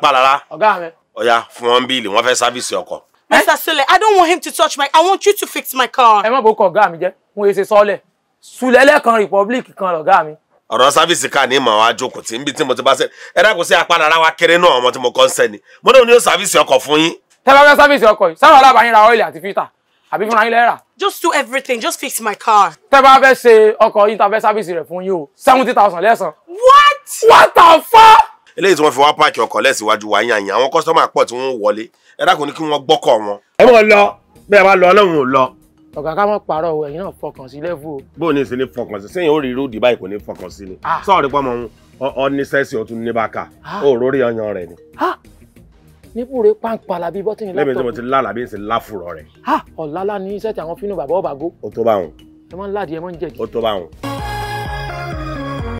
pa rárá. mi. ọ̀ya fún wọn bíìlì wọ́n fẹ́ sáfíìsì ọkọ̀. Mr. Sule, I don't want him to touch my. I want you to fix my car. ẹ má bò kọ ọ̀gá mi jẹ́ wọn èsè Sule, sùlẹ̀lẹ̀ kan republic kan lọ̀gá mi. ọ̀rọ̀ sáfíìsì ká ní ìmọ̀ àwọn ajókòó tí níbi tí mo ti bá sẹ́ ẹ dákun sí apá rárá wa kéré náà ọmọ tí mo kọ́ ń sẹ́ni mo náà ní ó sáfíìsì ọkọ̀ fún yín. tẹ́ bá fẹ́ sáfíìsì ọkọ̀ yìí sáwọn alábàáyín ra ọ́ìlì àti fítà àbí fúnra yín lẹ́rà. just do everything just fix my car. tẹ́ bá fẹ́ ṣe ọkọ̀ yìí tá a fẹ́ sáfíìsì rẹ̀ fún yín o seventy thousand lẹ́sàn. what. what the fuck eléyìí tí wọ́n fi wá páàkì ọkọ̀ lẹ́síwájú wa yàn yàn àwọn kọ́sítọ́mà pọ̀ tí wọ́n wọlé ẹ dákun ní kí wọ́n gbọ́kọ̀ wọn. ẹ mọ̀ lọ bí ẹ bá lọ ọlọ́run ò lọ. ọ̀gá ká mọ̀ pààrọ̀ ọ̀ ẹ̀yin náà fọkàn sí lẹ́fù o. bó o ní ìsinmi fọkàn sí sẹ́yìn ó rí irú dìbà ìkò ní fọkàn sí ni ah. sọ́ọ̀rì pọ́nmọ́ ọ ní sẹ́sì ọ̀tún ní bàkà ah. ó rórí ọyàn rẹ̀ ni nípò rẹ pàǹpà làbí bọ́tì ní látọ̀. lẹ́mìí tí mo ti lá làbí ń sin láfùrọ̀ rẹ̀. Ah, ọ̀làlá ní iṣẹ́ tí àwọn fínú bàbá ọ̀bàgó. ó tó bá wọn. ẹ máa ń ládìí ẹ máa ń jẹ̀gì. ó tó bá wọn.